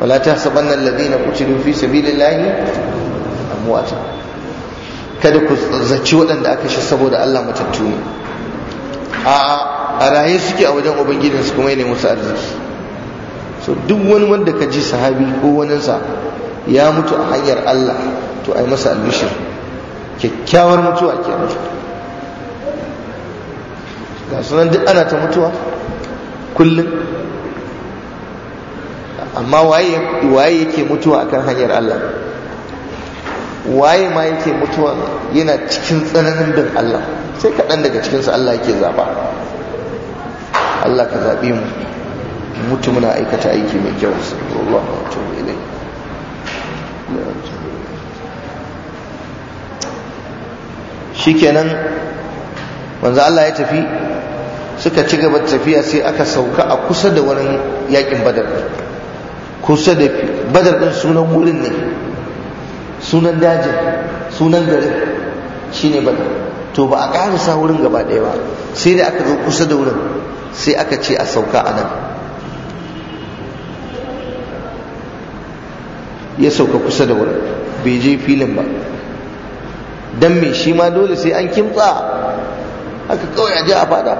wala tahsabanna alladhina qutilu fi a amwata kada ku zaci waɗanda aka shi saboda Allah matattu ne a a raye suke a wajen ubangijinsu kuma ne musu arziki so duk wani wanda ka ji sahabi ko waninsa ya mutu a hanyar Allah to ai masa albishir kyakkyawar mutuwa ke ga sunan duk ana ta mutuwa kullum amma waye yake mutuwa akan hanyar Allah waye ma yake mutuwa yana cikin tsananin bin Allah sai kaɗan daga cikinsu Allah yake zaɓa Allah ka zaɓi mu mutu muna aikata aiki mai kyau sallallahu alaihi mutu ilai shikenan manzo Allah ya tafi suka ci gaba tafiya sai aka sauka a kusa da wurin yakin badar kusa da badar din sunan wurin ne sunan dajin sunan garin shine badar to ba a sa wurin gaba ɗaya ba sai da aka zo kusa da wurin sai aka ce a sauka a nan ya sauka kusa da wurin bai je filin ba dan me shi ma dole sai an kimtsa haka kawai a a fada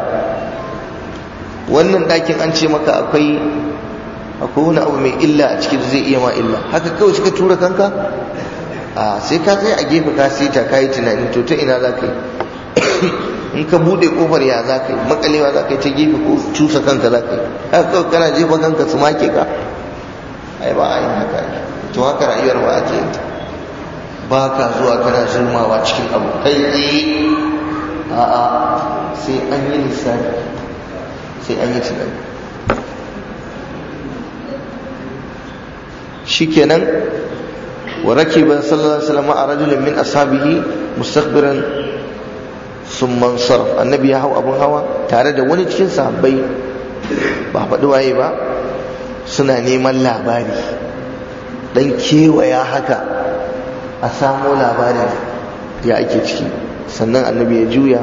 wannan ɗakin an ce maka akwai akwai wani abu mai illa a cikin zai iya ma illa haka kawai suka tura kanka a sai ka tsaye a gefe ka sai ta yi tunani to ta ina za ka yi in ka buɗe ƙofar ya za ka yi makalewa za ka yi ta gefe ko cusa kanka za ka yi haka kawai kana jefa kanka su make ka ai ba a yin haka to haka rayuwar ba a ce ta ba ka zuwa kana zurmawa cikin abu kai a'a sai an yi lissafi sai an yi tunani shikenan wa ban sallallahu alaihi wasallam a rajulin min ashabihi mustaqbiran sun mansar annabi ya hau abin hawa tare da wani cikin sahabbai ba faɗi waye ba suna neman labari dan kewaya haka a samo labarin ya ake ciki sannan annabi ya juya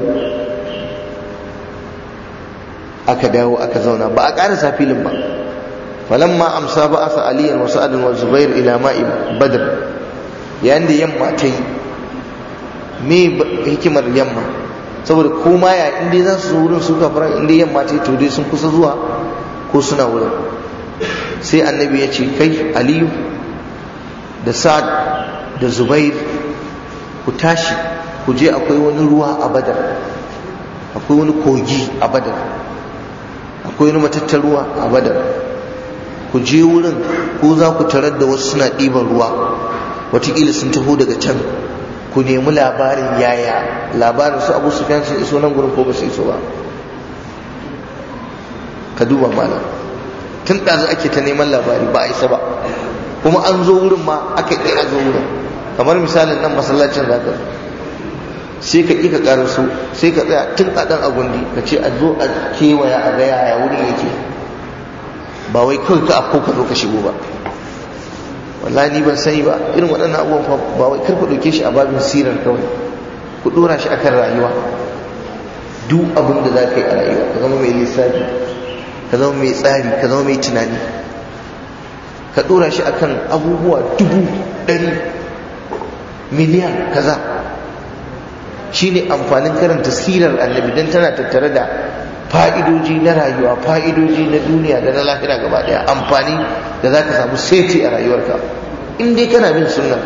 aka dawo aka zauna ba a ƙarasa filin ba falamma amsa ba a sa'aliyar wasu adin wa zubair ilama Badar? badr yayin da yamma ta yi me hikimar yamma saboda koma ya inda za su wurin su kafaran inda yamma ta yi to dai sun kusa zuwa ko suna wurin sai annabi ya ce kai aliyu da sa'ad da zubair ku tashi ku je akwai wani ruwa a badar akwai wani kogi a badar akwai wani matattar ruwa a badar ku je wurin ku za ku tarar da wasu suna ɗiban ruwa watakila sun taho daga can ku nemi labarin yaya labarin su abu sufyan sun iso nan gurin ko ba su iso ba ka duba mana. tun ɗazu ake ta neman labari ba a isa ba kuma an zo wurin ma aka ɗaya zo wurin kamar misalin nan masallacin zaka sai ka ƙi ka karasu sai ka tsaya tun a ɗan agundi ka ce a zo a kewaya a gaya ya wuri yake ba wai kawai ka afko ka zo ka shigo ba wallahi ni ban sani ba irin waɗannan abubuwan ba wai kar ku ɗauke shi a babin sirar kawai ku ɗora shi akan rayuwa duk abin da za ka yi a rayuwa ka zama mai lissafi ka zama mai tsari ka zama mai tunani ka ɗora shi akan abubuwa dubu ɗari miliyan kaza shine amfanin karanta sirar annabi dan tana tattare da fa'idoji na rayuwa fa'idoji na duniya da na lafiya gaba daya amfani da zaka samu seti a rayuwarka in dai kana bin sunna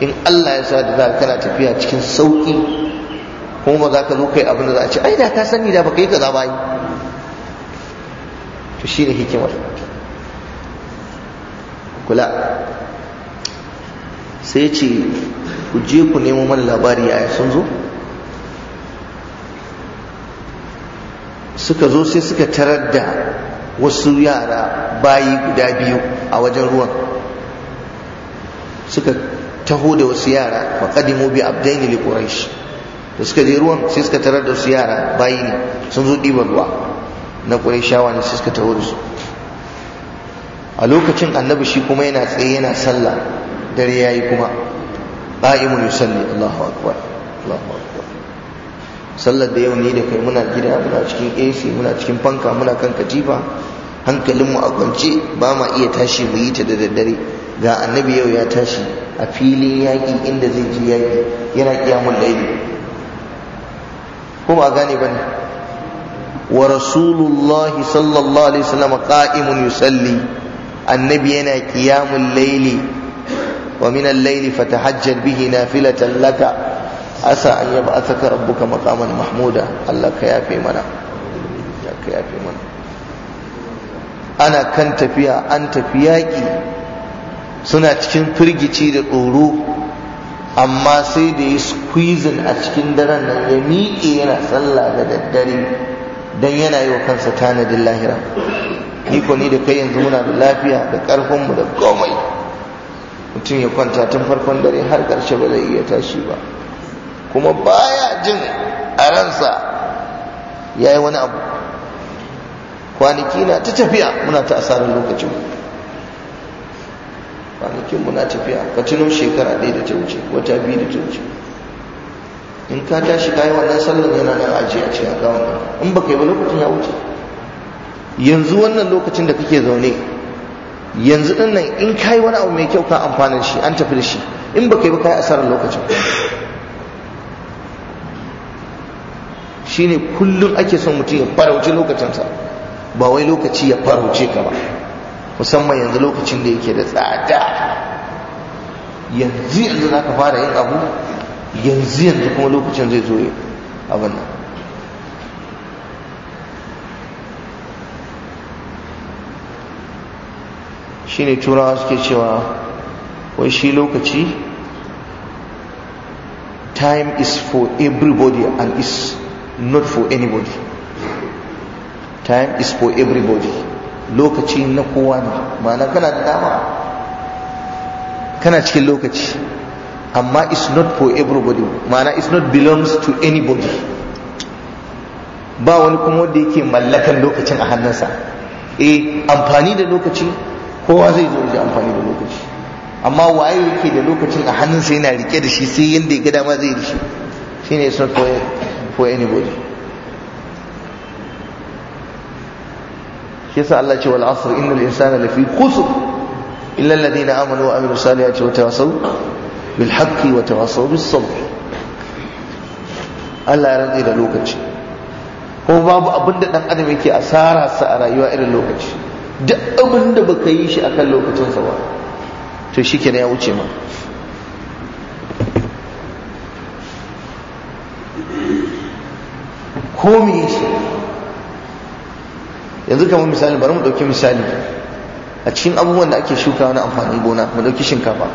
in Allah ya sa da za kana tafiya cikin sauki kuma za ka zo kai abin da za a ce ai da ka sani da baka yi kaza ba yi to shine hikimar kula sai ce ku je ku nemo mana labari a sun zo suka zo sai suka tarar da wasu yara bayi guda biyu a wajen ruwan suka taho da wasu yara faƙadimu bi abdaini li quraish da suka je ruwan sai suka tarar da wasu yara bayi ne sun zo ɗiban ruwa na quraishawa ne sai suka taho da su a lokacin annabi shi kuma yana tsaye yana sallah dare yayi kuma qa'imun yusalli Allahu akbar Allahu akbar sallar da yau ni da kai muna gida muna cikin AC muna cikin fanka muna kan katifa hankalinmu a kwance ba ma iya tashi mu yi ta da daddare ga annabi yau ya tashi a filin yaƙi inda zai ji yaƙi yana kiyamun laili ko ba gane ba ne wa rasulullahi sallallahu alaihi wasallam qa'imun yusalli annabi yana kiyamun laili Wa minan laini, fata hajjar bihi na fila Asa an yi ma'asakan abubuwa Mahmuda. Allah ka yafe mana, Allah ka yafe mana. Ana kan tafiya an tafi yaƙi, suna cikin firgici da ƙuru, amma sai da ya sukwizin a cikin daren nan, ya miƙe yana tsalla da daddare dan yana yi wa kansa tanadin lahira. Ni kwamni da kai yanzu muna da lafiya, da karfin mu da komai. mutum ya kwanta tun farkon dare har ƙarshe ba zai iya tashi ba kuma baya jin a ransa ya yi wani abu kwanaki na ta tafiya muna ta asarar lokacin kwanakin muna tafiya ka tuno shekara ɗaya da ta wuce wata biyu da ta wuce in ka tashi kayi wannan sallar yana nan aji a cikin akawun in ba ka yi ba lokacin ya wuce yanzu wannan lokacin da kake zaune yanzu din nan in kai wani abu mai kyau ka amfana shi an tafi da shi in baka yi ba kai asarar lokacin shine kullum ake son mutum ya farauci lokacinsa ba wai lokaci ya farauce ka ba musamman yanzu lokacin da yake da tsada yanzu yanzu za ka fara yin abu yanzu yanzu kuma lokacin zai zo abin nan shine turawa suke cewa wai shi lokaci time is for everybody and is not for anybody time is for everybody lokaci na kowa ne na kana da dama kana cikin lokaci amma is not for everybody mana is not belongs to anybody ba wani kuma wanda yake mallakan lokacin a hannunsa eh amfani da lokaci kowa zai zo da amfani da lokaci amma waye yake da lokacin a hannunsa yana rike da shi sai yanda ya ga dama zai da shi shine is not for, for anybody shi yasa Allah ce wal asr innal insana lafi khusr illa alladhina amanu wa amilus salihati wa tawassaw bil haqqi wa tawassaw bis sabr Allah ya rantsi da lokaci ko babu abinda dan adam yake asara sa a rayuwa irin lokaci duk abin da baka yi shi akan lokacinsa ba to shi ke ya wuce ma komi shi yanzu kamar misali bari mu ɗauki misali a cikin abubuwan da ake shuka wani amfani gona mu ɗauki shinkafa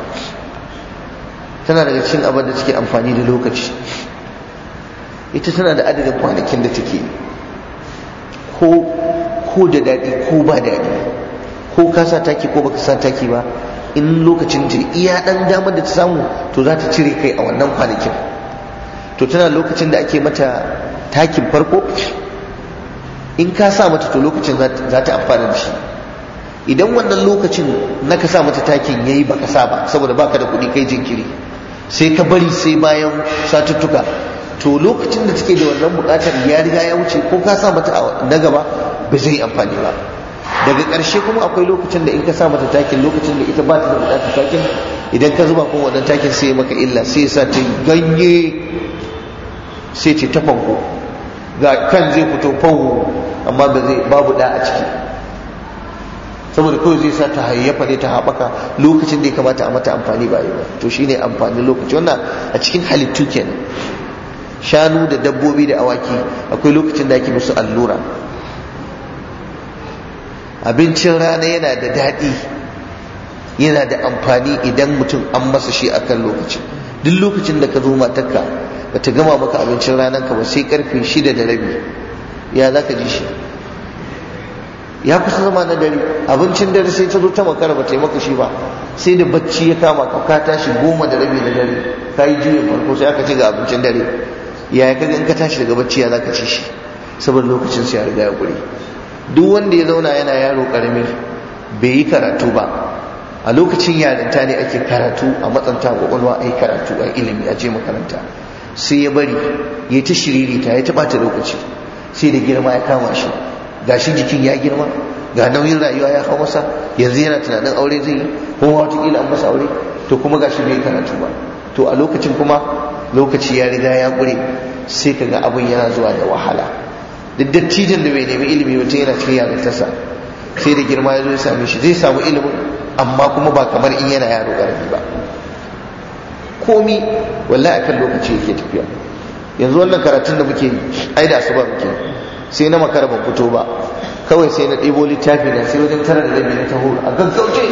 tana daga cikin abin da suke amfani da lokaci ita tana da adadin kwanakin da take ko ko da daɗi ko ba daɗi ko ka sa taki ko baka sa taki ba in lokacin ta iya ɗan damar da ta samu to za ta cire kai a wannan kwanakin to tana lokacin da ake mata takin farko in ka sa mata to lokacin za ta amfana da shi idan wannan lokacin na ka sa mata takin yayi baka sa ba saboda baka da kuɗi kai jinkiri sai ka bari sai bayan satuttuka to lokacin da take da wannan bukatar ya riga ya wuce ko ka sa mata na gaba ba zai amfani ba daga ƙarshe kuma akwai lokacin da in ka sa mata takin lokacin da ita ba ta da bukatar takin idan ka zuba kuma wannan takin sai maka illa sai sa ta ganye sai ce ta fanko ga kan zai fito fanko amma ba zai babu da a ciki saboda kawai zai sa ta hayyafa ne ta haɓaka lokacin da ya kamata a mata amfani ba yi ba to shine amfani lokaci wannan a cikin halittu kenan shanu da dabbobi da awaki akwai lokacin da ake musu allura abincin rana yana da daɗi yana da amfani idan mutum an masa shi akan lokaci duk lokacin da ka zo matarka ba ta gama maka abincin ranar ka ba sai karfe shida da rabi ya za ka ji shi ya kusa zama na dare abincin dare sai ta zo ta makara ba ta yi maka shi ba sai da bacci ya kama ka ka tashi goma da rabi da dare ka yi juyin farko sai aka ci ga abincin dare yaya kaga in ka tashi daga bacci ya ka ci shi saboda lokacin su ya riga ya guri duk wanda ya zauna yana yaro karami bai yi karatu ba a lokacin yarinta ne ake karatu a matsanta kwakwalwa a yi karatu a ilimi a je makaranta sai ya bari ya ta shiririta ya tabata ta lokaci sai da girma ya kama shi gashi jikin ya girma ga nauyin rayuwa ya hau masa yanzu yana tunanin aure zai yi ko wataƙila an masa aure to kuma gashi bai karatu ba to a lokacin kuma lokaci ya riga ya ƙure sai ka ga abin yana zuwa da wahala duk dattijan da bai nemi ilimi mutum yana cikin yarintarsa sai da girma ya zo ya same shi zai samu ilimin amma kuma ba kamar in yana yaro ƙarfi ba komi wallahi kan lokaci yake tafiya yanzu wannan karatun da muke ai da asuba muke sai na makara ban fito ba kawai sai na ɗebo littafi na sai wajen tara da na taho a gaggauce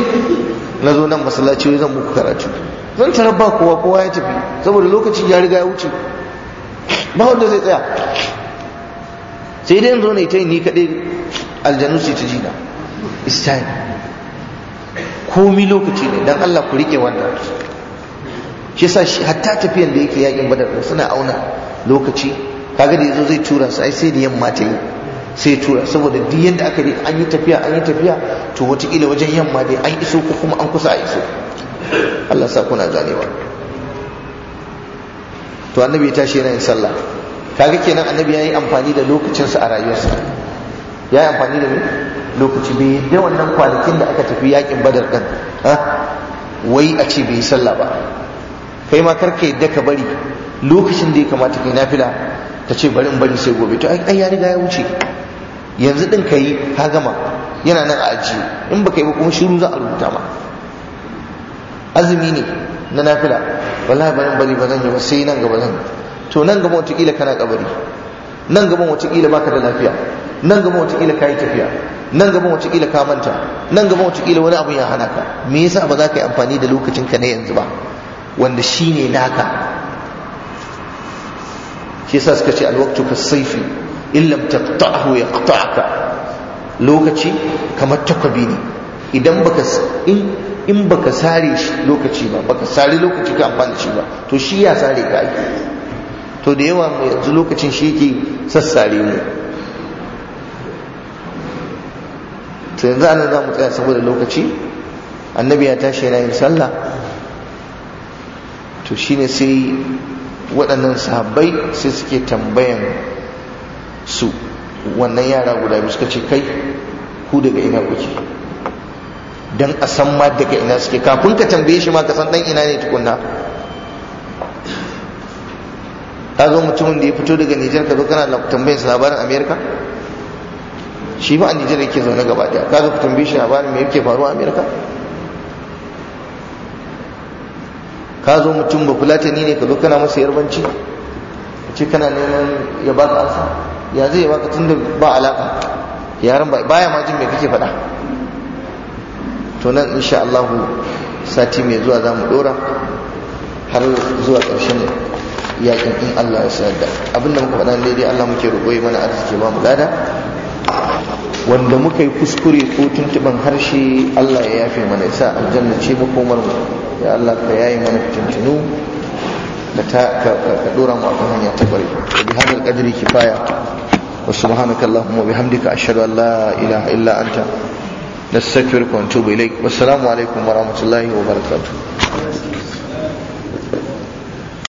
na zo nan masallaci zan muku karatu zan tara ba kowa kowa ya tafi saboda lokaci ya riga ya wuce ba wanda zai tsaya sai dai zo ne ta yi ni kaɗai aljanu sai ta jina it's time komi lokaci ne don Allah ku riƙe wannan shi shi hatta tafiyan da yake yakin badar suna auna lokaci kaga da yazo zai tura su ai sai da yamma ta yi sai tura saboda duk yadda aka yi an yi tafiya an yi tafiya to wataƙila wajen yamma dai an iso ko kuma an kusa a iso Allah sa kuna ganewa to annabi ya tashi yana yin sallah kaga kenan annabi yayi amfani da lokacinsa a rayuwarsa yayi amfani da lokaci bai da wannan kwanakin da aka tafi yakin badar din wai a ce bai sallah ba kai ma karka yadda ka bari lokacin da ya kamata kai nafila ta ce bari in bari sai gobe to ai ya riga ya wuce yanzu din kai ka gama yana nan a ajiye in baka yi ba kuma shiru za a rubuta ma azumi ne na nafila wallahi bayan bari ba zan yi ba sai nan gaba zan yi to nan gaba wataƙila kana kabari nan wata wataƙila baka da lafiya nan gaba wataƙila kila kai tafiya nan wata wataƙila ka manta nan wata wataƙila wani abu ya hana ka me yasa ba za ka yi amfani da lokacin ka na yanzu ba wanda shi ne naka shi yasa suka ce alwaqtu ka saifi in lam yaqta'aka lokaci kamar takwabi ne idan baka in in baka sare shi lokaci ba baka sare lokaci ka amfani shi ba to shi ya sare ka ake to da yawa mu yanzu lokacin shi yake sassare mu to yanzu ana za mu tsaya saboda lokaci annabi ya tashi yana yin sallah to shine sai waɗannan sahabbai sai suke tambayan su wannan yara guda biyu suka ce kai ku daga ina kuke don a san ma daga ina suke kafin ka tambaye shi ma ka san dan ina ne tukunna ka zo mutumin da ya fito daga Nijar ka zo kana tambayin sa labarin Amerika shi ba a Nijar yake zaune gaba daya ka zo ka tambaye shi labarin me yake faruwa a Amerika ka zo mutum ba fulatani ne ka zo kana masa yarbanci ce kana neman ya baka ansa ya zai baka tunda ba alaka yaran ba baya ma jin me kake faɗa to nan insha Allah sati mai zuwa za mu dora har zuwa ƙarshen yakin in Allah ya sayar da abinda muka faɗa daidai Allah muke roƙo mana arziki ba mu lada wanda muka yi kuskure ko tuntuban harshe Allah ya yafe mana sa aljanna ce makomar mu ya Allah ka yayi mana tuntunu ka dora mu akan hanya ta bari bi hadal qadri kifaya wa subhanaka allahumma wa bihamdika ashhadu an la ilaha illa anta nastaghfiruka wa natubu ilaik wassalamu alaikum wa rahmatullahi wa barakatuh